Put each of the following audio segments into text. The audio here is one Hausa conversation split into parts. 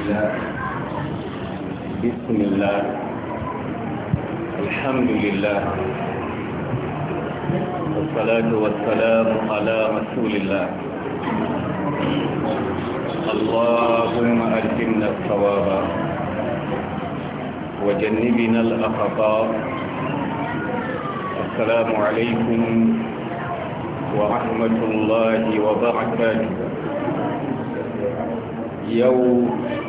لله بسم الله الحمد لله والصلاة والسلام على رسول الله اللهم ألهمنا الصواب وجنبنا الأخطاء السلام عليكم ورحمة الله وبركاته يوم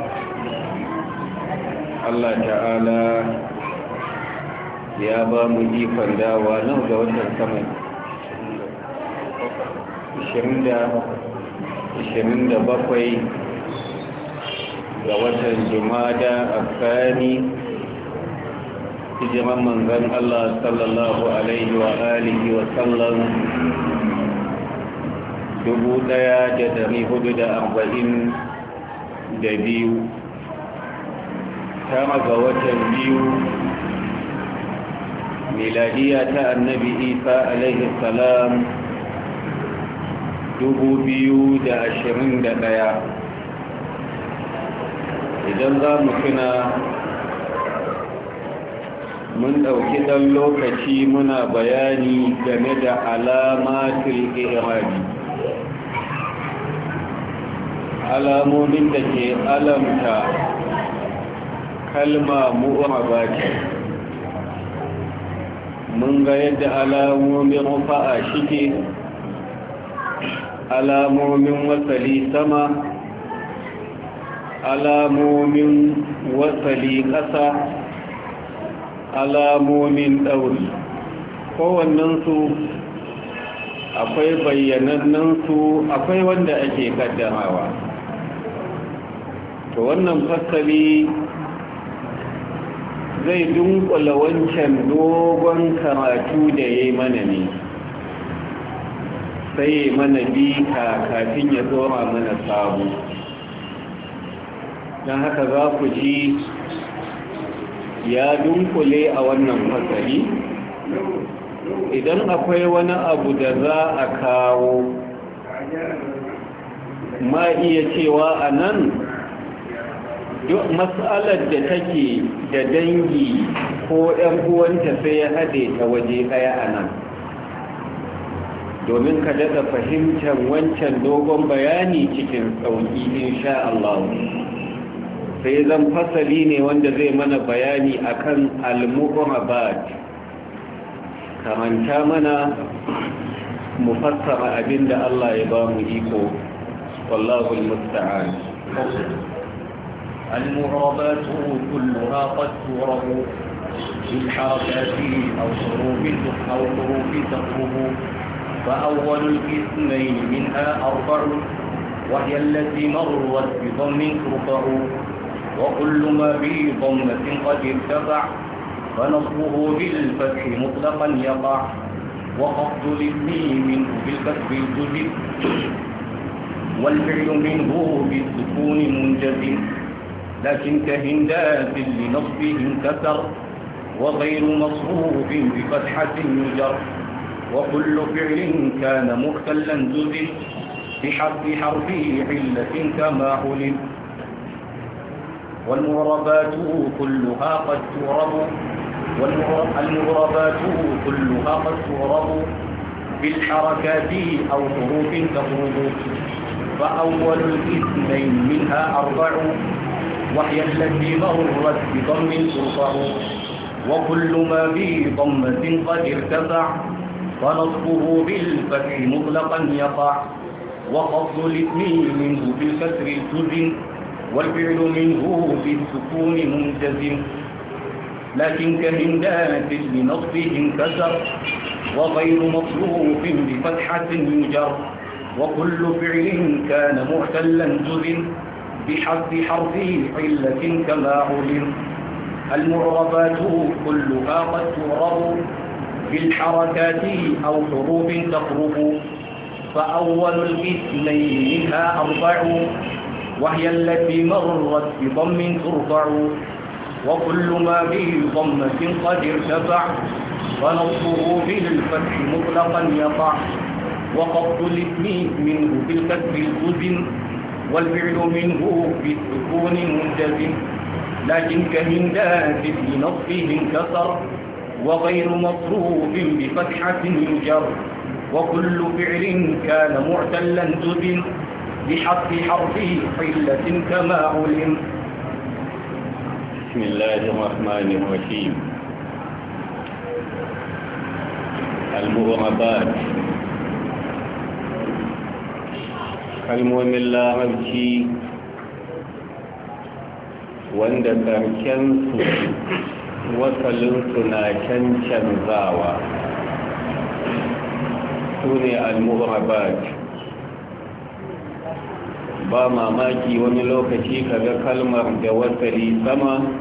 Allah ta'ala ya ba mu ikon dawa nan ga watan saman 27 ga watan jumada a tsani hijiman manzan Allah sallallahu alaihi wa alihi wa da 1442 tara ga watan biyu miladiya ta annabi isa alaihi salam ɗaya. idan za mu kina mun ɗauki ɗan lokaci muna bayani game da alamatul irabi alamomin da ke alamta kalma ba ce mun ga yadda alamomin rufa'a shike alamomin wasali sama alamomin wasali ƙasa alamomin ɗauri su akwai su akwai wanda ake kaddamawa to wannan fasali zai dunkula wancan dogon karatu da ya yi mana ne sai mana bita kafin ya tsora mana sabu don haka za ku ji ya dunkule a wannan fasari idan akwai wani abu da za a kawo ma iya cewa a nan duk matsalar da take da dangi ko ɗan uwanta sai ya haɗe ta waje ɗaya a nan domin ka daɗa fahimtar wancan dogon bayani cikin sauƙi insha Allah sai zan fasali ne wanda zai mana bayani akan al-muhammad kamanta mana mu fassara abinda Allah ya ba mu iko wallahu musta'an المعربات كلها قد تعرب بالحركات أو حروف أو حروف تقرب فأول الإثنين منها أربع وهي التي مرت بضم ترفع وكل ما بضمة قد ارتفع فنصبه بالفتح مطلقا يقع وقفت الاسم منه بالكسب الجزم والفعل منه بالسكون منجزم لكن كهندات لنصبه انكسر وغير مصروف بفتحة يجر وكل فعل كان مختلا ززل بحرف حرفه علة كما علم والمغربات كلها قد تغرب والمغربات كلها قد تغرب بالحركات أو حروف تغرب فأول الإثنين منها أربع وحي التي مرت بضم ترفع وكل ما به ضمة قد ارتفع فنصبه بالفتح مطلقا يقع وقصد الاسم منه بالكسر التزم والفعل منه بالسكون ملتزم لكن كهندات لنصبه انكسر وغير مصروف بفتحة يجر وكل فعل كان محتلا جزم بحرف حرفه علة كما علم المعربات كلها قد تعرب بالحركات أو حروف تقرب فأول الاثنين منها أربع وهي التي مرت بضم ترفع وكل ما به ضمة قد ارتفع ونصبه به الفتح مطلقا يقع وقبض الاسم منه بالكسب الجزم والفعل منه بالسكون ملتزم لكن كمن ذات بنصفه انكسر وغير مصروف بفتحة يجر وكل فعل كان معتلا جزم بحق حرفه حلة كما علم بسم الله الرحمن الرحيم المغربات kalmomin larabci wanda ƙarshensu wasalinsu na cancanzawa su ne al ba mamaki wani lokaci kaga kalmar da wasali sama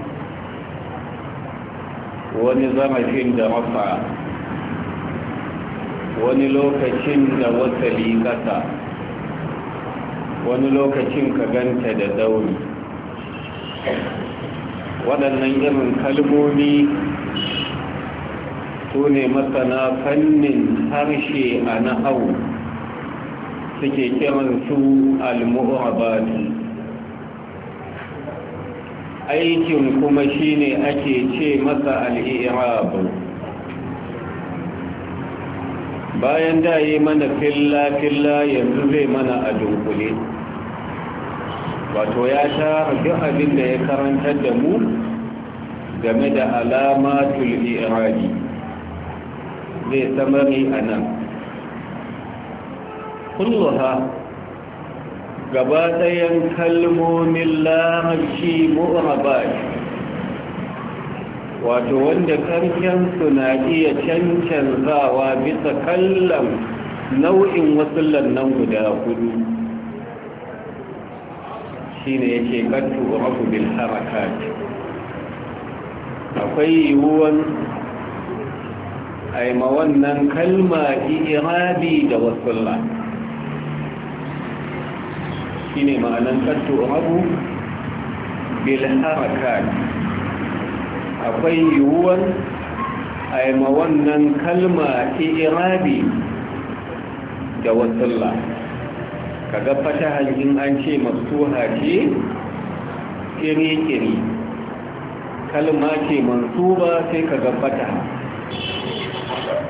wani zarafin da rafa wani lokacin da wasali ƙasa wani lokacin ka ganta da dauri waɗannan irin kalmomi su ne masana fannin harshe a na'au suke kiransu al-mu'abatu aikin kuma shine ake ce masa al bayan da yi mana filla-filla yanzu zai mana a dunkule wato ya tara duk abin da ya karanta da mu game da alamatul iradi zai samari a nan kulluha gaba ɗayan kalmomin larabci mu'rabat wato wanda karshensu na iya cancanzawa bisa kallon nau'in wasu lannan guda hudu shi ne ya ce kattu abu bil harakat akwai yiwuwan aima wannan kalma irabi da wasu shi ne ma'anan kattu abu bil harakat akwai yiwuwar aima wannan kalma irabi da Ka ga fata hajjin an ce maftuha ce kiri-kiri kalma ce mansuba sai ga fata,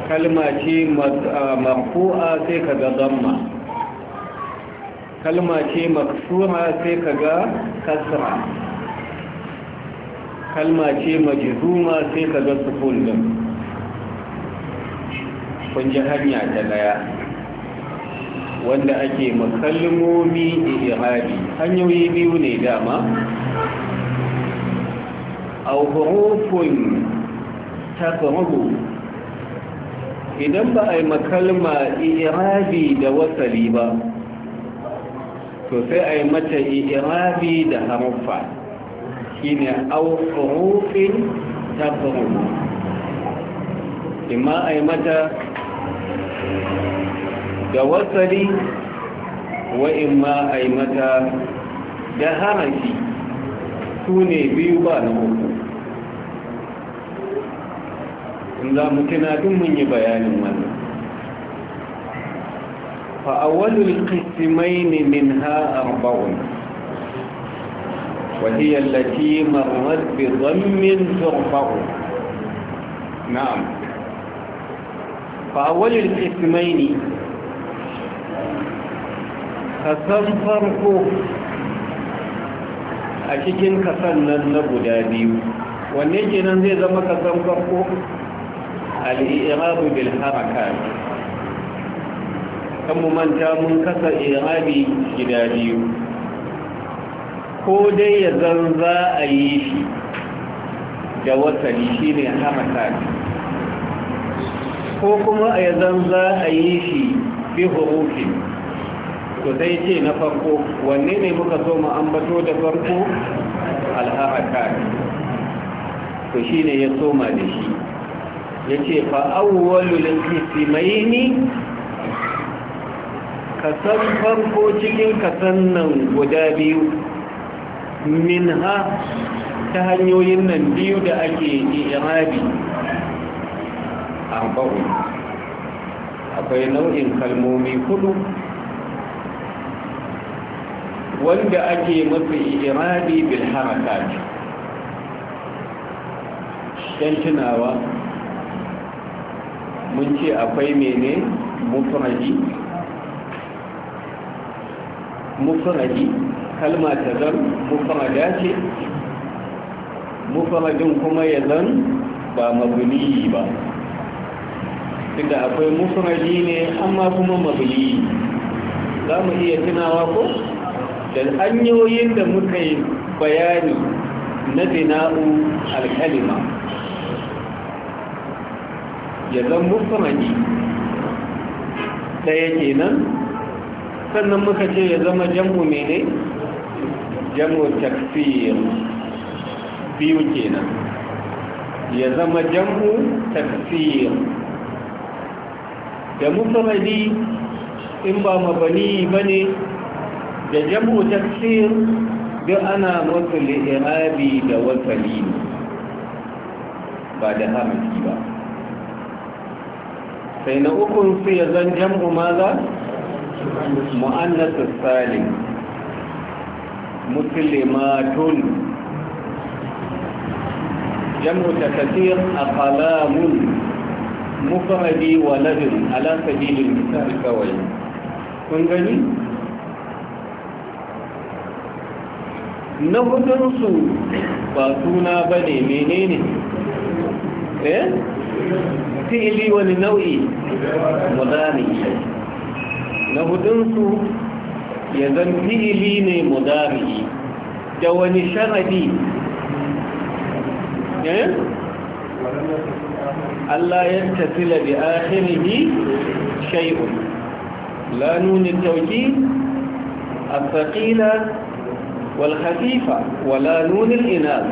kalma ce marfu'a sai ka ga zamma kalma ce maksura sai ka ga kasra kalma ce majizuma sai ka ga sukun din kun ji hanya ta daya wanda ake makalmomi ihari hanyoyi biyu ne dama au hurufun taqrubu idan ba a yi makalma irabi da wasali ba to sai a yi mata irabi da haruffa shine au hurufin tafaru imma a yi mata da wasali, wa imma a yi mata da harafi su biyu ba na uku in za mu tunatun mun yi bayanin wannan fa'awalul kisimai ne min ha arba'un وهي التي مرت بضم ترفع نعم فأول الاسمين قسم فرق أشكين قسم ننبو داديو ونجي ننزي زم قسم فرق الإعراب بالحركات كم من جامن قسم إعرابي داديو ko dai ya zan za a yi shi da watanni shi ne hamata ko kuma a ya zan za a yi shi fi hurufi to sai ce na farko wanne ne muka so mu ambato da farko alhamata to shi ne ya soma da shi ya ce fa'awwalulun Ka kasan farko cikin kasan nan guda biyu min ha ta hanyoyin nan biyu da ake irabi Arba'u akwai nau'in kalmomi hudu wanda ake masa irabi bil harakat dan tunawa mun ce akwai mene mufradi mufradi kalma ta zan mufarada ce mufaradin kuma ya zan ba mabuni ba inda akwai mufaradi ne amma kuma mabuni za mu iya tunawa ko da hanyoyin da muka yi bayani na dina'u alkalima ya zan mufaradi ɗaya kenan sannan muka ce ya zama jam'u mene jamu takfir biyu kenan ya zama jamu takfir da mufradi in ba mabani bane da jamu takfir duk ana masu li'irabi da wasali ba da hamaki ba sai na ukun su ya zan jam'u maza mu'annatus salim مسلمات جمع تكثير أقلام مفردي ولدن على سبيل المثال كوي كنغني نهدن سو فاتونا بني منين ايه تئلي ولنوئي مداني نهدن سو ya zan fi'ili ne mudari da wani sharadi eh? Allah ya tafila bi akhirihi shay'un la nun at-tawkid الثقيلة والخفيفة ولا نون الإناث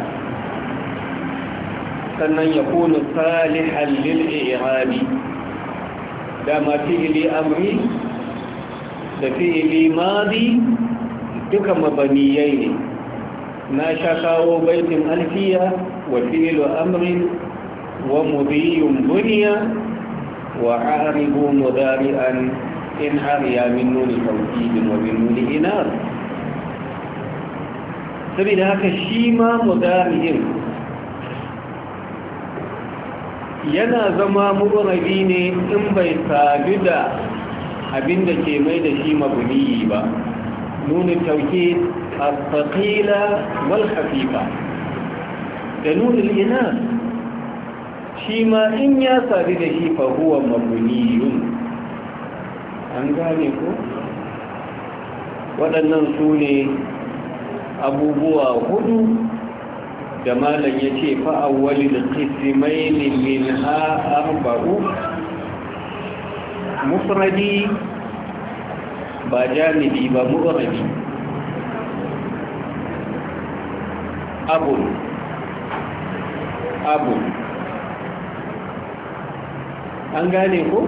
sannan ya kunu iya lil'irabi da mafi ili amri da fi'ili madi duka mabaniyai ne na sha kawo baitin alfiya wa fi'ilu amrin wa mudiyun buniya wa aribu mudari'an in ariya min nuni tawkidin wa min nuni inar saboda haka shi ma mudari'in yana zama murabi ne in bai sadu da abin da ke mai da shi mabuniyi ba nuni tauke a faƙila wal hafifa da nuni ina shi ma in ya sadu da shi fahuwa mabuniyun an gane ku? waɗannan su ne abubuwa hudu da malam ya ce fa'awwalin ƙisimainin min ha'ar ba'u mufradi ba jami'i ba mu'arabi abun abun an gane ko?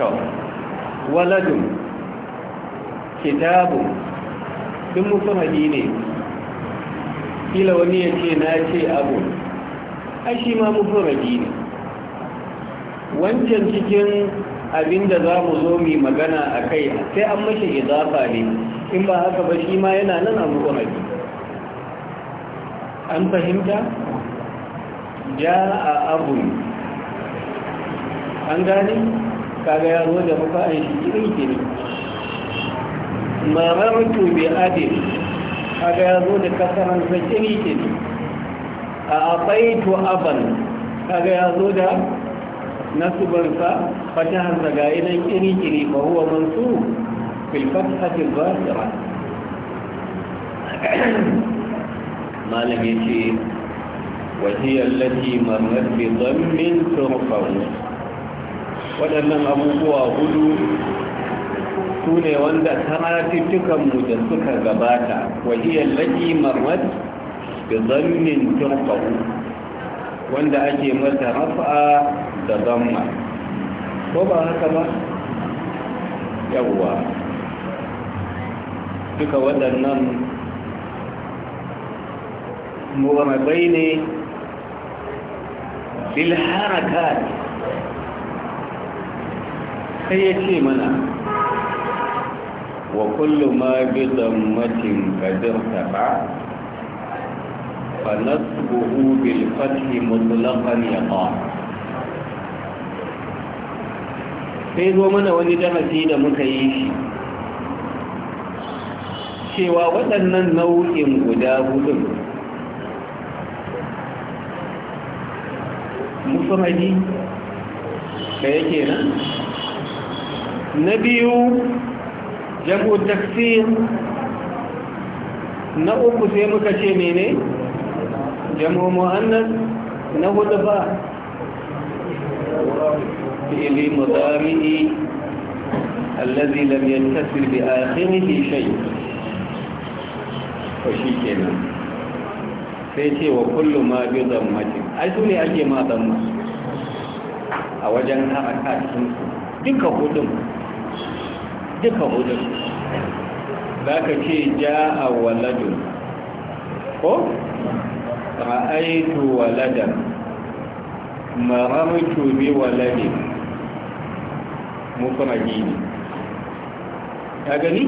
to waladun kitabun duk mufradi ne kila wani ya ce na ce abun ai shi ma mufradi ne wancan cikin abin da za mu zo mu magana a kai sai an mashi izafa ne in ba haka ba shi ma yana nan a muhammadi an fahimta ja a abu an gane kaga yaro da mafa'an shi kiri-kiri mamartu bi adil kaga yaro da kasaransa kiri-kiri a abaitu aban kaga yaro da Na nasubansa fatahar daga idan kiri-kiri ba huwa mansu filfat hajji ba tsira malam ya ce wajiyar lati marmar bi zammin turfan waɗannan abubuwa hudu su ne wanda karatuttukanmu da suka gabata wajiyar lati marmar bi zammin turfan wanda ake mata rafa da zamma ko ba haka ba yawwa duka waɗannan mu'amabai ne bilharakat sai ya ce mana wa kullum ma bi zammatin kadir taɓa فنسبه بالفتح مطلقا يقع sai zo mana wani darasi da muka yi shi cewa waɗannan nau'in guda hudun musamman da yake nan na biyu jam'u taksir na uku sai muka ce mene jam'u mu'annas na hudu ba فعل مضارع الذي لم يتصل بآخره شيء وشي كنا سيتي وكل ما بضمة أي سوني أجي ما ضمة أوجن حركات duka hudun duka hudun za ka ce ja a waladun ko ra'aitu waladan marartu bi waladin mu kuma gini ya gani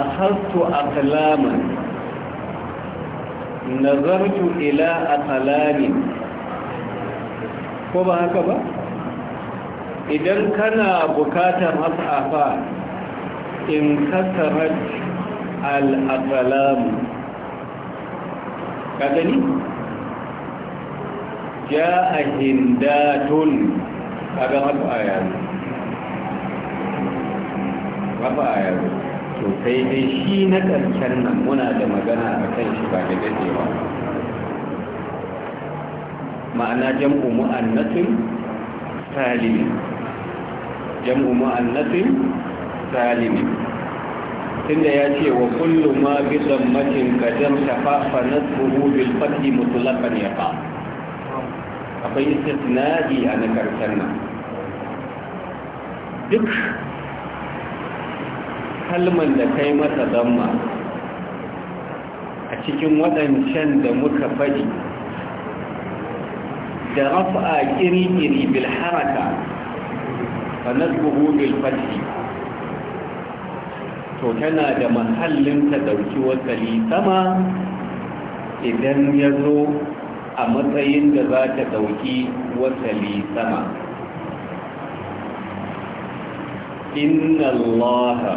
a harto a kalaman nazartu ila a kalamin ko ba haka ba idan kana bukatar matsafa in kasarar al'akalamu ka gani جاء هندات هذا رفع kaga رفع to sosai dai shi na karshen nan muna da magana a kan shi ba da dadewa ma'ana jam'u mu'annatin salimin jam'u mu'annatin salimin tunda ya ce wa kullum ma bi zammatin kadam shafa fa nasbuhu bil fathi mutlaqan yaqa akwai istisna'i a na karshen nan duk kalman da kai masa damma a cikin waɗancan da muka faɗi da rafa iri-iri bil haraka fa nasbuhu to tana da mahallin ta dauki wasali sama idan ya zo a matsayin da za ta ɗauki wasali sama inna allaha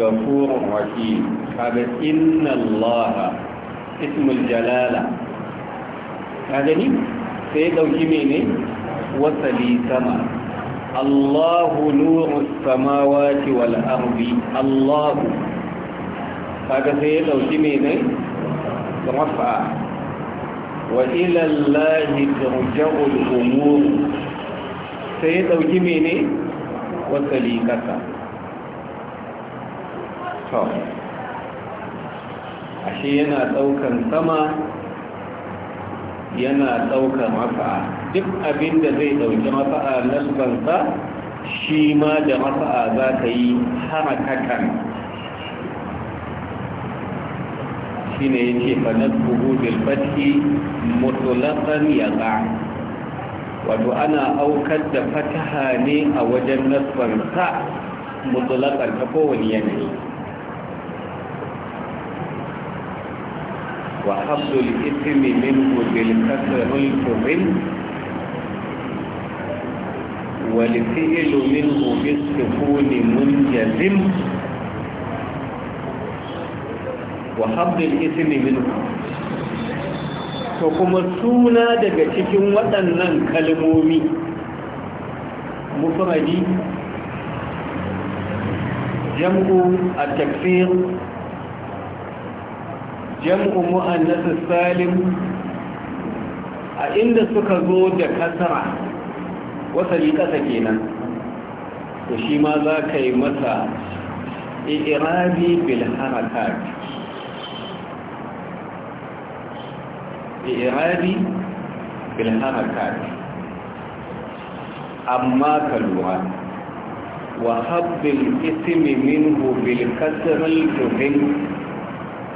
gafurun rahim kaga inna allaha ismul jalala kaga ni sai ɗauki mene wasali sama allahu nuru samawati wal ardi allahu kaga sai ya ɗauki mene rafa'a وإلى الله ترجع الأمور سيدو جميني وسليكة ashe yana ɗaukan sama yana ɗaukar mafa'a duk abinda zai ɗauki mafa'a nasbansa shi ma da mafa'a za ta yi harakakan shine yace fa nadbuhu bil fathi mutlaqan yaqa wato ana aukar da fataha ne a wajen nasban sa mutlaqan ta kowane yanayi wa habdul ismi minhu bil kasrul kubin والفعل منه بالسكون منجزم wa haɓɓin ismi min to kuma suna daga cikin waɗannan kalmomi mufradi jam'u a tafsir jam'u mu'annas salim a inda suka zo da kasara wasali ƙasa kenan to shi ma za ka yi masa irabi bil harakat irari bil harakat amma Kaluwa, wa habbil isimi minhu bil kasral tuhim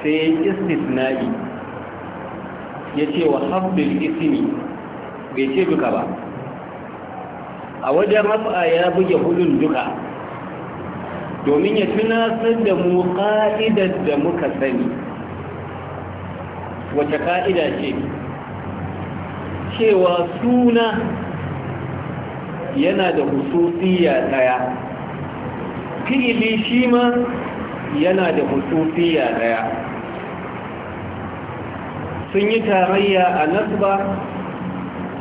sai istisna'i ce wa habbil isimi bai ce duka ba a wajen rafa ya buge hudun duka domin ya tunasar da mu ka'idar da muka sani wace ka'ida ce cewa suna yana da hususiya daya fi'ili shi ma yana da hususiya daya sun yi tarayya a nasba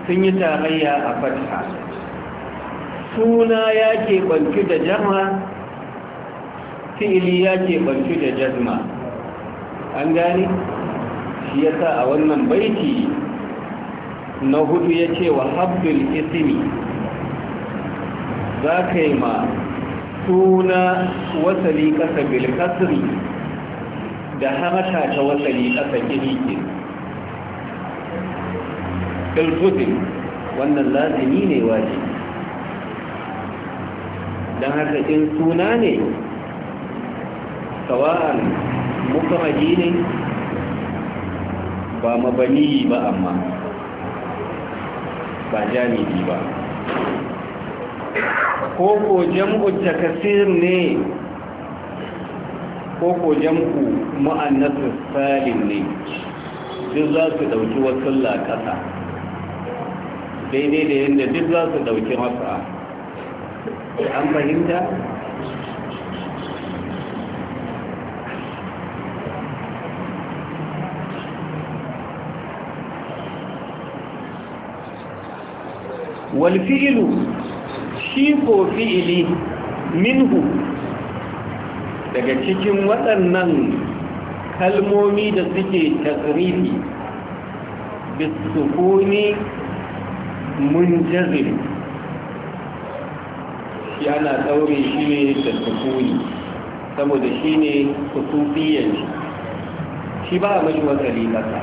sun yi tarayya a fata suna ya ke keɓanci da jama fi'ili ya ke keɓanci da jazma an gani? shi sa a wannan baiti na hudu ya ce wa habbul ismi za ka yi ma suna wasali kasa bilkasri da haraka ta wasali kasa kiriki iltuzin wannan lazimi ne waje don haka in suna ne sawa'an mukamadi ne ba mabani ba amma ba jami'i ba Ko jam'u takasir ne ko jam'u ma'annasu salim ne duk za su dauki wasu laƙasa daidai da yadda duk za su dauki masa an fahimta wal shi ko fi'ili minhu daga cikin waɗannan kalmomi da suke tasrifi bisukuni munjazir shi ana daure shi ne da sukuni saboda shi ne kusufiyan shi shi ba a mashi wasali masa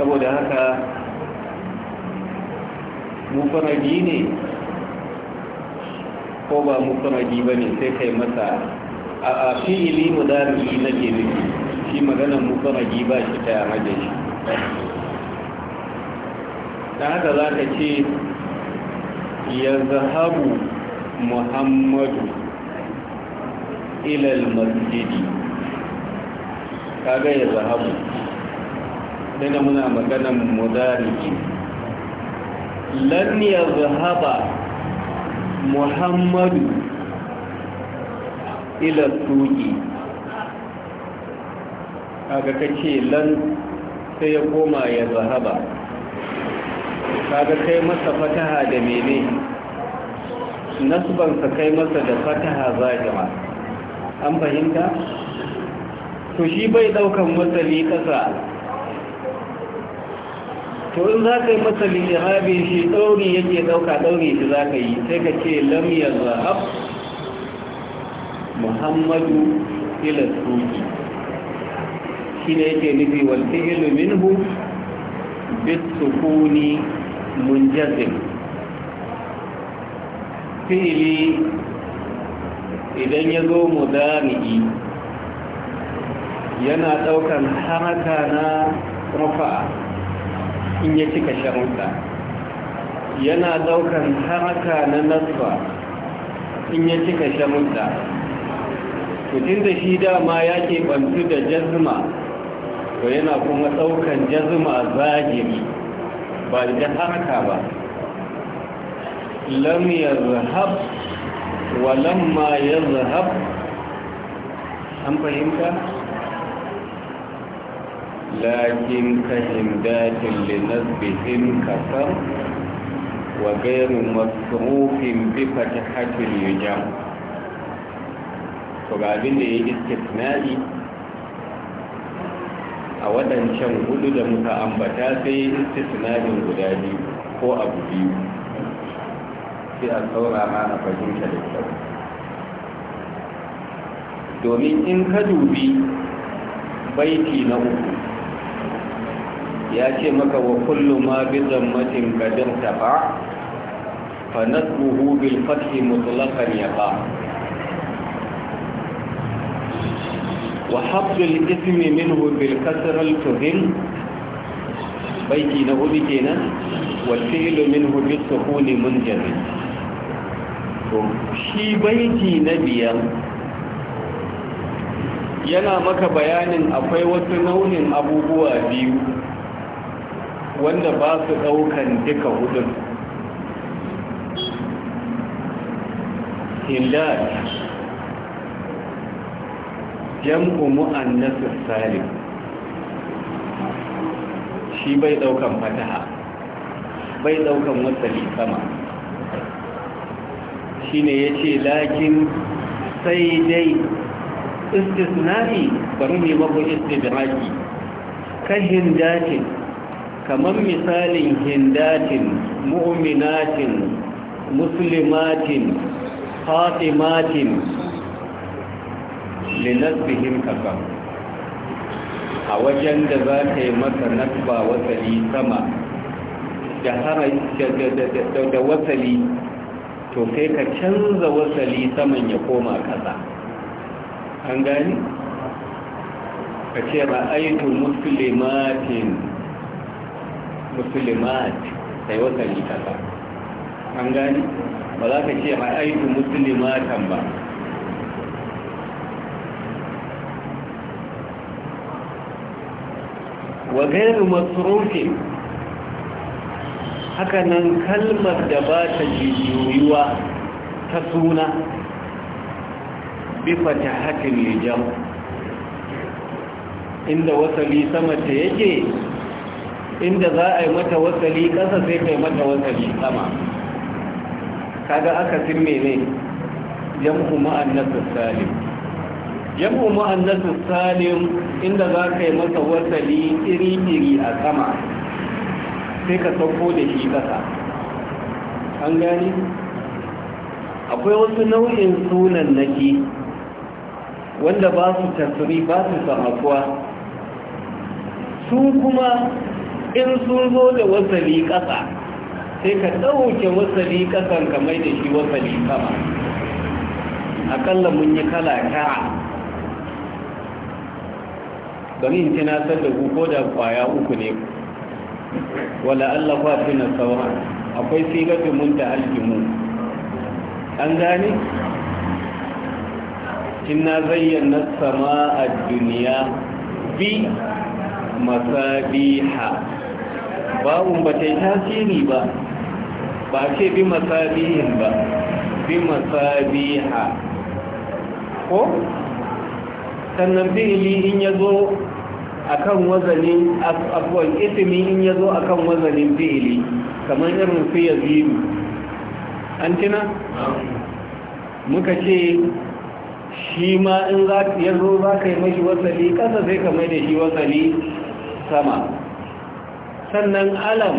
saboda haka mufaradi ne ko ba mufaradi ba ne sai kai masa a fi'ili mudarisi na ke nufi shi maganan mufaradi ba shi ta yamaje shi ta haka za ka ce ya zahabu muhammadu ilal masjidi kaga ya zahabu dana muna maganan mudarisi lan zahaba muhammadu ila suki kaga kace lan sai ya koma ya zahaba kaga kai masa fataha da mene sa kai masa da fataha zajima an fahimta to shi bai daukan wasali kasa to in za ka yi masa li'irabi shi ɗauri yake ɗauka ɗauri shi za ka yi sai ka ce lam zahab muhammadu ila shi ne yake nufi walfi ilimin hu bis munjazin fili fi'ili idan ya zo mu dami'i yana ɗaukan haraka na rufa'a in ya cika sharuɗa yana ɗaukar haraka na nasba in ya cika sharuɗa mutum da shi dama ya bantu da jazuma, to yana kuma ɗaukar jazuma zagiri ba da haraka ba lam zahab wa lamma zahab, an fahimta لكن كهمدات لنسبهم كسر وغير مصروف بفتحة اليجام فقابل استثنائي a waɗancan hudu da muka ambata sai istisnarin guda biyu ko abu biyu sai a saurara a fahimta da domin in ka dubi baiti na uku ya ce maka wa kullum ma bi zammatin ta ba, fa nasbuhu bil fath mutlaqan yaqa wa hadd al ism minhu bil kasra al tuhim baiti na hudu kenan wa fi'lu minhu bis sukun munjazim to shi baiti na biyar yana maka bayanin akwai wasu nau'in abubuwa biyu wanda ba su ɗaukan duka hudun hillal jam'u mu'annasu salim shi bai daukan fataha bai daukan wasali sama shi ne ya ce lakin sai dai istisnari bari ne mako istidraki Ka datin kamar misalin hindatin mu'minatin muslimatin fatimatin linasbihim kafa a wajen da za ka yi masa nasba wasali sama da wasali to sai ka canza wasali saman ya koma kasa an gani ka ce ra'aitu muslimatin Musulmat sai wata kaza an gani ba za ka ce ra'aitu musulmatan ba wa gairu masrufi haka nan kalmar da ba ta jijiyoyiwa ta suna bifa ta hakin lijam inda wasali sama ta yake inda za a yi mata wasali ƙasa sai ka yi mata wasali sama kaga aka sin mene jam'u ma'annasu salim jam'u ma'annasu salim inda za ka yi mata wasali iri-iri a sama sai ka sauko da shi ƙasa an gani akwai wasu nau'in sunan naki wanda ba su tasiri ba su samakuwa su kuma in sun zo da wasali ƙasa sai ka ɗauke wasali ƙasan kamar da shi wasali sama akalla mun yi kala tara bari in tunatar da ko da kwaya uku ne wala Allah kwa tuna sauran akwai sigatu mun da aljimu an gane inna zayyana a duniya bi masabiha bawun ba ta yi tasiri ba ba ce bi masabihin ba bi masabiha ko sannan fi'ili in ya zo a kan wazanin abuwan itimi in ya zo a kan wazanin fi'ili kamar irin su ya ziru an tina? muka ce shi ma in ya zo za ka yi mashi wasali ƙasa zai kamar da shi wasali sama sannan alam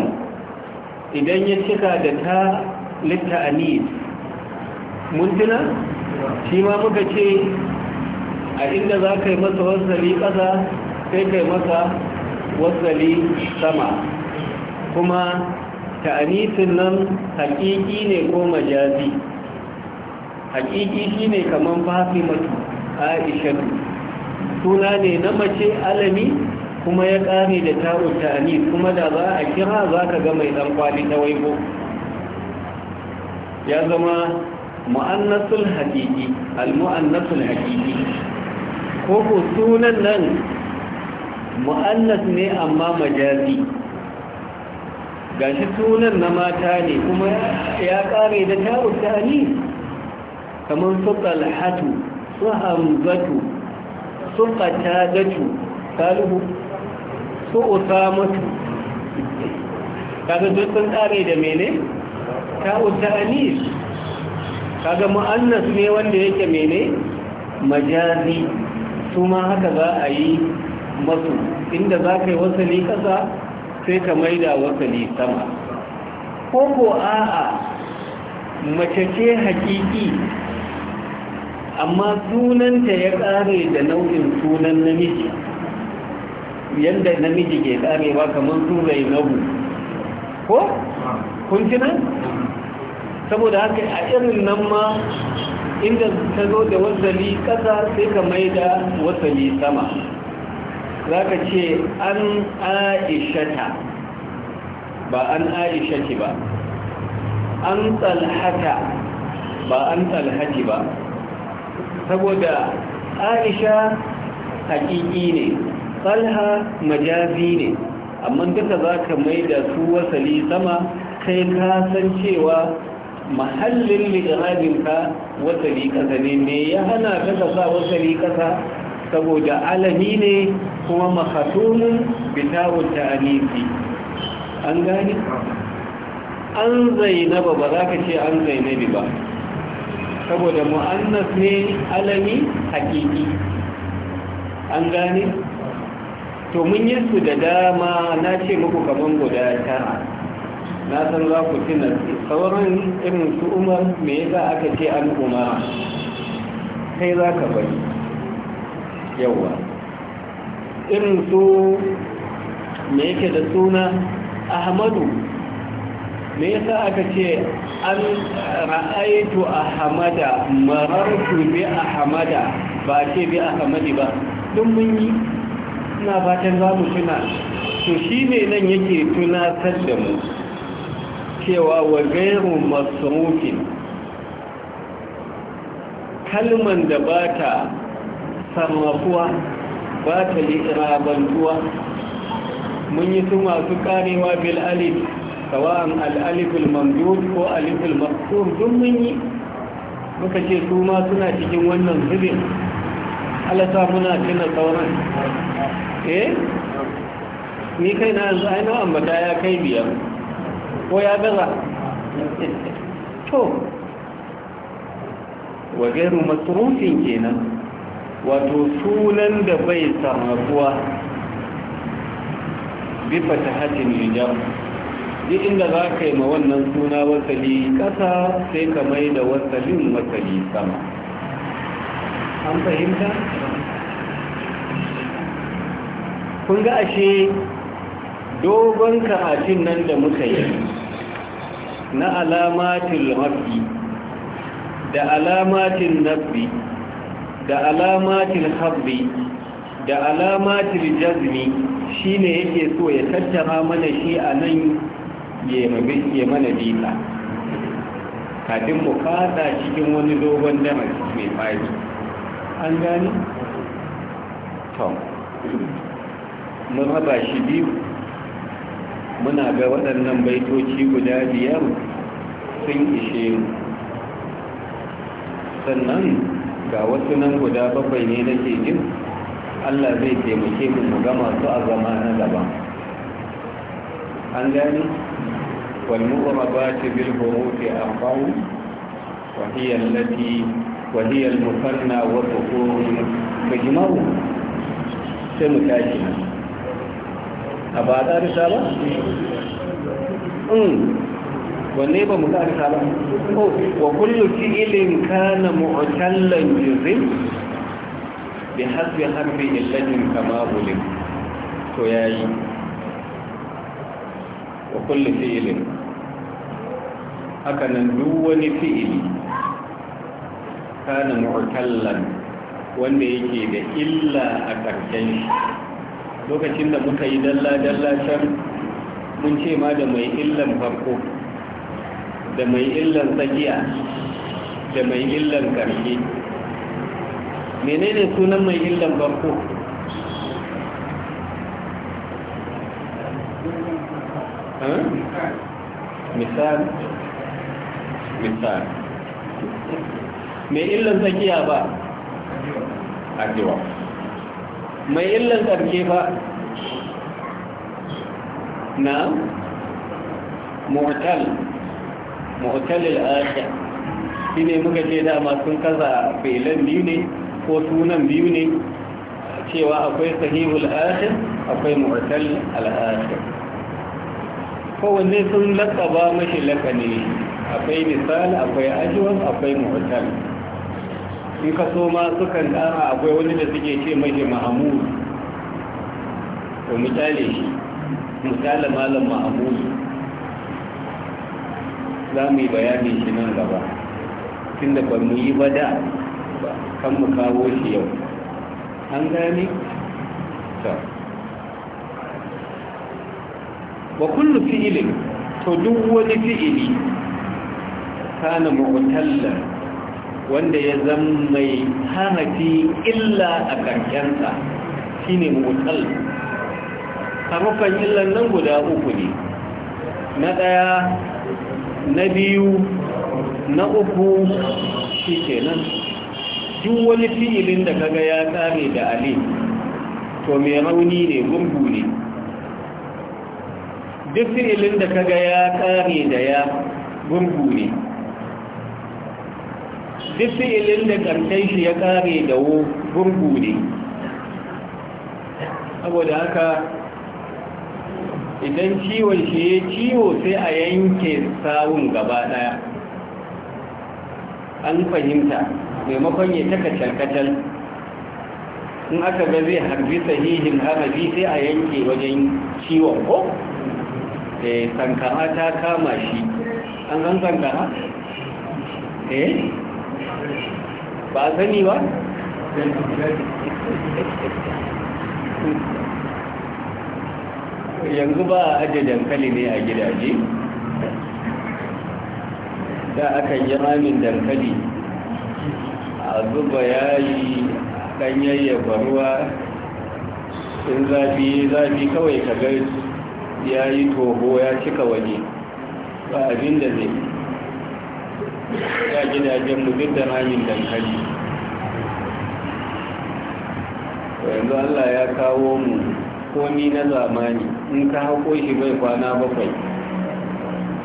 idan ya cika da ta litta Mun mundina shi ma muka ce a inda za ka yi masa wasali ƙasa sai ka yi masa wasali sama kuma ta'anisin nan haƙiƙi ne ko majazi haƙiƙi shi ne kamar fafi matu aisha suna ne na mace alami kuma ya ƙare da ta'un ta'ani kuma da za a kira za ka ga mai ɗan ta waibo ya zama mu'annasul haƙiƙi al-mu'annasul haƙiƙi ko ko sunan nan mu'annas ne amma majazi gashi sunan na mata ne kuma ya ƙare da ta'un ta'ani kamar su ƙalhatu su hamzatu su ƙatadatu salihu su mutu kaga dukkan sun tsare da mene ta anis kaga mu'annas ne wanda yake mene majazi su ma haka za a yi masu inda za ka yi wasali kasa sai ka maida wasali sama ko ko a'a mace ce hakiki amma sunanta ya ƙare da nau'in sunan namiji yadda namiji ke karewa kamar turai nagu ko? kun ji nan? saboda haka a irin nan ma inda ta zo da wazali ƙasa sai ka mai da wazali sama za ka ce an aishata ba an aishati ba an tsalhata ba an tsalhaji ba saboda aisha haƙiƙi ne talha majazi ne amma duka za ka mai da su wasali sama kai ka san cewa mahallin liƙarabinka wasali ƙasa ne me ya hana ka sa wasali ƙasa saboda alami ne kuma makatumin bitawun anisi an gani an zainaba ba za ka ce an zainabi ba saboda mu'annas ne alami hakiki an gani to mun yi su da dama na ce muku kamar guda tara na san za ku tuna sauran irin su umar me yasa aka ce an umara kai za ka bari yawa irin su me yake da suna ahmadu me yasa aka ce an ra'aitu ahmada marartu bi ahmada ba ce bi ahmadi ba dun mun yi suna fatan za mu tuna to shi ne nan yake tunatar da mu cewa wa gairu masarufin kalman da ba ta sarrafuwa ba ta li'irabantuwa mun yi tun masu karewa bil alif sawa'an al'alifin mamdud ko alifin maksur duk mun yi muka ce su ma suna cikin wannan zubin alasa muna tuna sauran eh ni kai na yanzu ainihin ambata ya kai biyar ko ya gaza to wa gairu kenan wato sunan da bai sarrafuwa bi hajjin yujan ji inda za ka yi ma wannan suna wasali kasa sai ka mai da wasalin wasali sama an fahimta kun ga ashe dogon karatun nan da muka yi na alamatin mafi da alamatin nafi da alamatin habbi da alamatin jazmi shine yake so ya tattara mana shi a nan ya mana dila kafin mu fada cikin wani dogon damar mai fari an gani? tom mun raba shi biyu muna ga waɗannan baitoci guda biyar sun ishe mu sannan ga wasu nan guda bakwai ne nake jin allah zai taimake mu mu gama su a zama na gaba an gani والمغربات بالهروف أربع وهي التي وهي Sai mu مجمع سمتاجنا a ba a risa ba? Hmm. wanne ba mu ta ƙarisa ba ko oh, wa kullu fi'ilin kana mu'tallan juzin bi hasbi harfi illatin kama bulim to ya yi, wa kullu fi'ilin haka nan duk wani fi'ili kana mu'tallan wanda yake da illa a ƙarshen shi lokacin da muka yi dalla-dalla can mun ce ma da mai illan farko da mai illan tsakiya da mai illan ƙarfi. menene sunan mai illan farko misal misal mai illan tsakiya ba a jiwa mai illan ƙarfe ba na mortal mortal al'asha shi ne muka ce dama sun kaza felan biyu ne ko sunan biyu ne cewa akwai sahihul ashir akwai mortal al'ashir kowanne sun ba mashi laƙa ne akwai misal akwai ajiyar akwai mortal in ka so ma sukan dara akwai wani da suke ce mai mahamud to mu shi mu malam mahamud za mu yi bayanin shi nan gaba tun da ba mu yi ba da kan mu kawo shi yau an gane? wa kullu fi'ilin to duk wani fi'ili kana mu'tallan wanda ya zama mai hanafi illa a ƙarshensa shi ne mutsal harufan illan nan guda uku ne na ɗaya na biyu na uku shi nan duk wani fi'ilin da kaga ya kare da Ali to mai rauni ne gungu ne duk fi'ilin da kaga ya kare da ya gungu ne duk fi'ilin da karshen shi ya kare da wo gurgu ne saboda haka idan ciwon shi ya ciwo sai a yanke sawun gaba daya an fahimta maimakon ya taka calkacal in aka ga zai harbi sahihin harabi sai a yanke wajen ciwon ko eh, sankara ta kama shi an san sankara eh ba sani ba yanzu ba a ajiye dankali ne a gidaje da aka yi ramin dankali a zuba yayi dan yayyafa ruwa sun zafi zafi kawai kagar ya yi toho ya cika waje ba abin da zai ya gidajen mu duk da ramin dankali yanzu allah ya kawo mu komi na zamani in ka hako shi bai kwana bakwai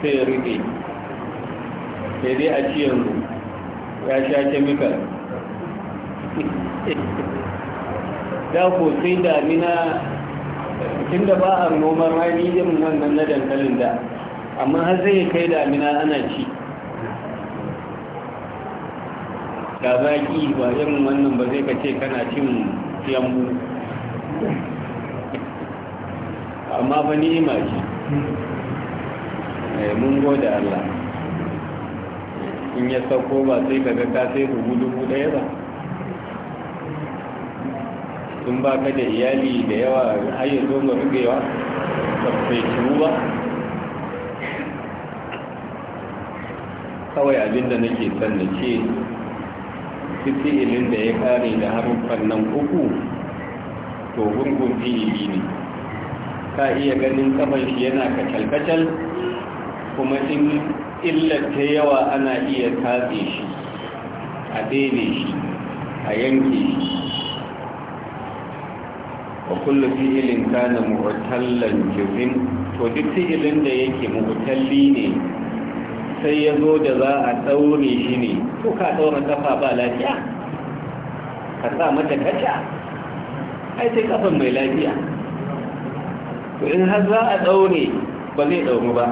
sai ya rufe sai dai a ci yanzu ya sha kemikal da ko sai damina tun da ba a noman rani irin wannan na dankalin da amma har zai kai damina ana ci da zaki ba irin wannan ba zai ka ce kana cin yambu amma ba ni'ima ce eh, mun gode Allah in ya sauko ba sai ka ga ka sai dubu dubu ɗaya ba sun ba ka da iyali da yawa har yi zo ga rugewa ba bai ciwu ba kawai abinda nake son na ce duk fi'ilin da ya kare da haruffan nan uku to gungun fi'ili ne ka iya ganin kafan shi yana kacal-kacal kuma in illar ta yawa ana iya katse shi a daine shi a yanke shi wa kullu fi'ilin kana mu'tallan juzin to duk fi'ilin da yake mu'talli ne sai ya zo da za a ɗaure shi ne to ka ɗaura kafa ba lafiya ka sa mata kaca ai sai kafan mai lafiya to in har za a ɗaure ba zai ɗauru ba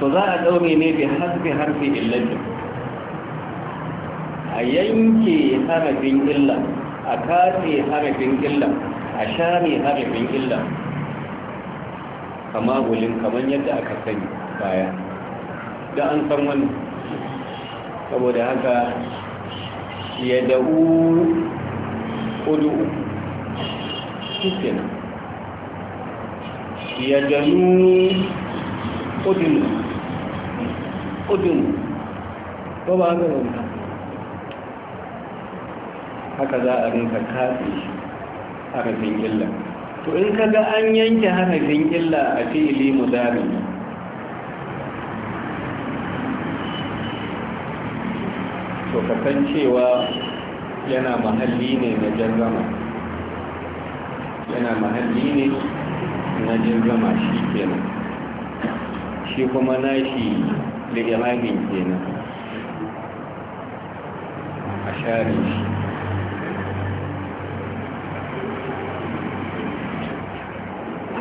to za a ɗaure ne bi hasbi harfi illatin a yanke harafin illa a kace harafin illa a share harafin illa kama gulin kamar yadda aka sani baya da an san wani saboda haka ya da'u kudu sukina ya danu kudin kudin ko ba haka za a rinka kafi harafin illa to in kaga an yanke harafin illa a ilimu zarin to cewa yana mahalli ne na jangama yana mahalli ne na jangama shi kenan shi kuma nashi da iramin kenan a share shi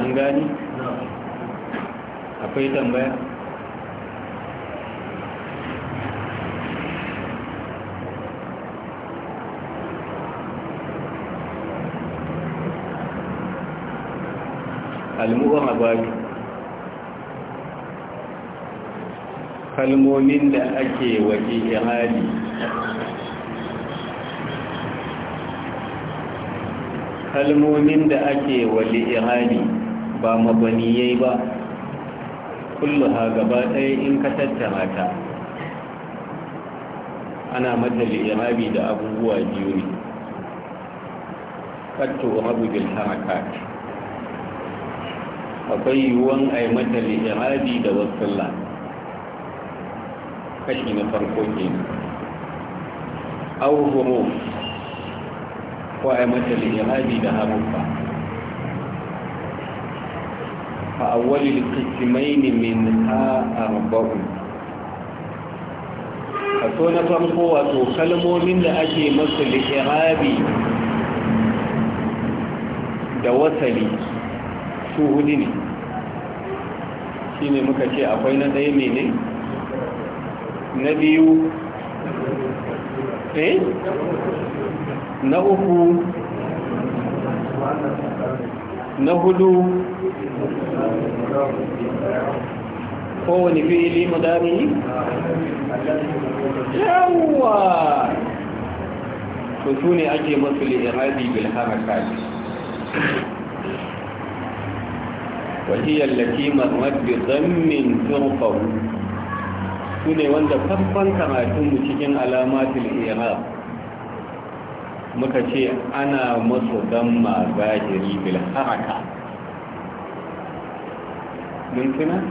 an gani akwai tambaya al kalmomin da ake waje irali kalmomin da ake waje irali ba mabaniyai ba kulluha gaba ɗaya in ka tattara ta ana mata li'irabi da abubuwa biyu ne ƙattu rabu bil harakat akwai yiwuwan a yi mata lihirabi da wasalla kashi na farko ke auhuru ko a yi mata lihirabi da haruffa fa awwalil qismaini min ha A so na farko wato kalmomin da ake masu lihirabi da wasali su hudu ne shi ne muka ce akwai na ɗaya ne, na biyu eh na uku na hudu kowane fili madari yawa to su ne ake masu lirabi kaji. وهي التي مرت بضم ترقب sune wanda farkon karatunmu cikin alamatul iraq muka ce ana masu damma zahiri bil haraka mun tuna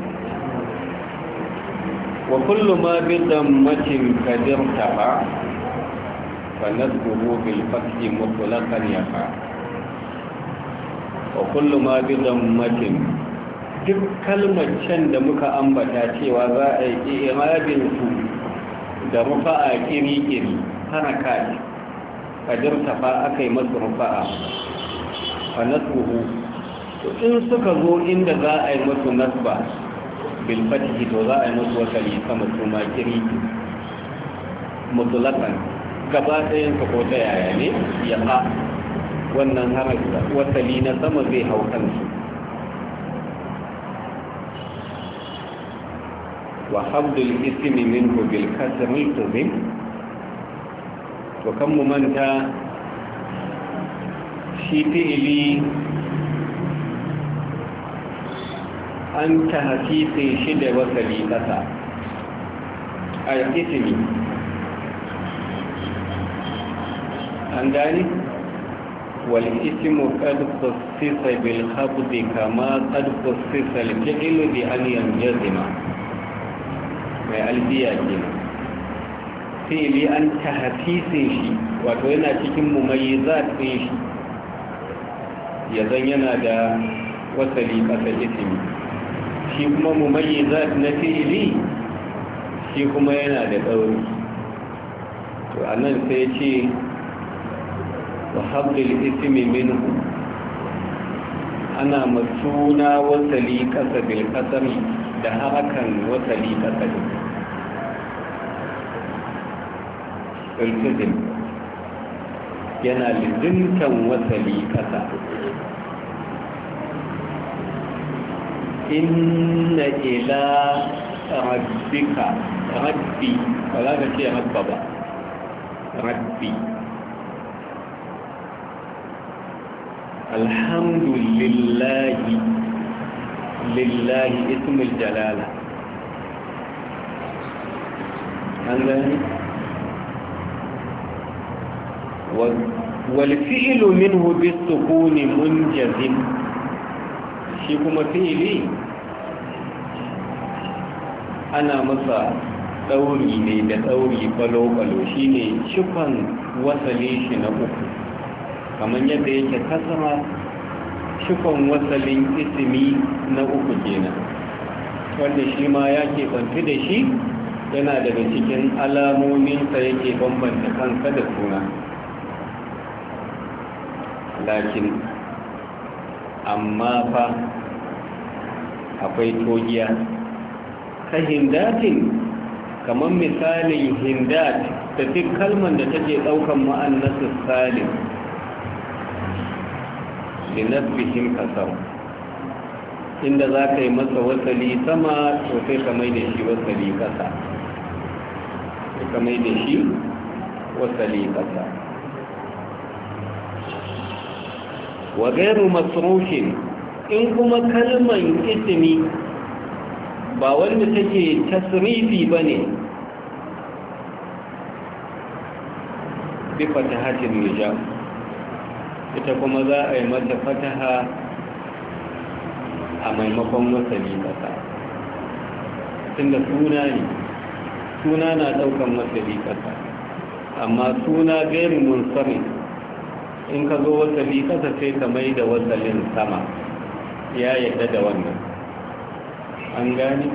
wa kullu ma bi dammatin kadirta ba fa nasbuhu bil fakki, mutlaqan yafa wa kullu ma bi dammatin duk kalmar can da muka ambata cewa za a yi irabin su da rufa'a kiri-kiri hana kaji a fa aka yi masu rufa'a a nasuhu in suka zo inda za a yi masu nasba bilfati to za a yi masu wakali sama su ma kiri-kiri mutulakan gaba ɗayan ka ko ta yaya ne ya wannan harin wasali na sama zai hau kansu وحفظ الاسم منه بالكسر القبيل وكم ممنتا شيتي لي أنت هكيتي شد وسليتا أي اسمي ذلك والاسم قد خصص بالخفض كما قد خصص الفعل بأن ينجزم mai albiya ke fi'ili an tahfisin shi wato yana cikin mumayyizat din shi ya zan yana da wasali ƙasa isimi shi kuma mumayyizat na fi'ili shi kuma yana da tsauri to a nan sai ce wa haɗin isimi min ana matuna wasali ƙasa bil ƙasar da hakan wasali ƙasa الفزن ينا لزنكا وسليكا إن إلى ربك ربي ولا نسي ربك ربي الحمد لله لله اسم الجلالة هل والفعل منه بالسكون منجزم shi kuma fili ana masa ɗauri ne da ɗauri balo-balo shi ne shifan wasali shi na uku kamar yadda yake kasama shifan wasalin isimi na uku kenan wanda shi ma ya keɓantu da shi yana daga cikin alamominsa yake bambanta kansa da suna lakin amma fa akwai togiya ta hindatin kamar misalin hindat ta fi kalman da take daukan ma'annasu salim linasbihim kasar inda za ka yi masa wasali sama to sai ka mai da shi wasali kasa ka mai da shi wasali kasa wa gairu masrufin in kuma kalman ismi ba wanda take tasrifi bane bi fatahatin nija ita kuma za a yi mata fataha a maimakon wasali kasa tunda suna ne suna na daukan wasali kasa amma suna gairu sami. in ka zo wasali kasa sai ka mai da wasalin sama ya yadda da wannan an gani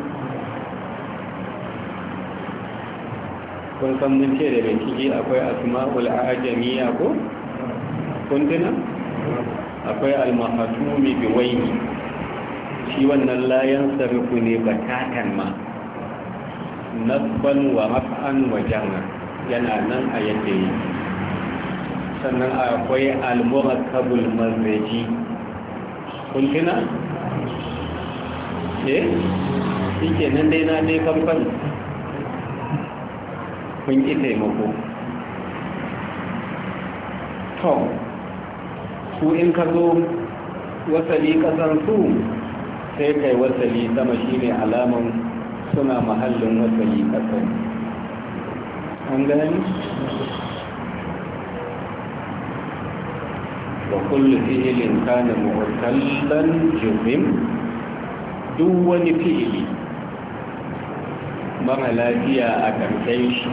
kun san mun ce da bincike akwai asma'ul ajamiya ko kuntuna akwai almahatumi biwaini shi wannan layan sarrafu ne bakatan ma nasban wa maf'an wa jana yana nan a yadda yake sannan akwai al kabul mazdaji kun tuna eh shike nan dai na dai kamfan kun ki taimako to ku in ka zo wasali kasan su sai kai wasali sama shine alaman suna mahallin wasali kasan an gani وكل فعل كان معتلا جرم duk wani fi'ili mara lafiya a ƙarshen shi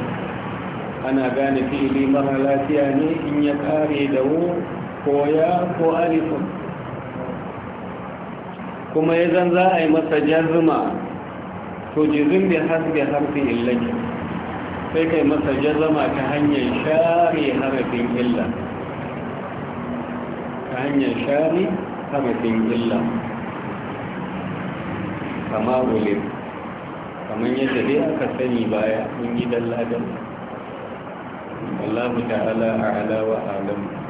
ana gane fi'ili mara lafiya ne in ya kare da wo ko ya ko alifin kuma ya zan za a yi masa jazma to jizin da hasbe harfin illaki sai kai masa jazma ta hanyar share harafin illa hanyar shari harafin illa kama wule kamar yadda dai aka sani baya mun yi dalla-dalla wallahu ta'ala a alawa alamu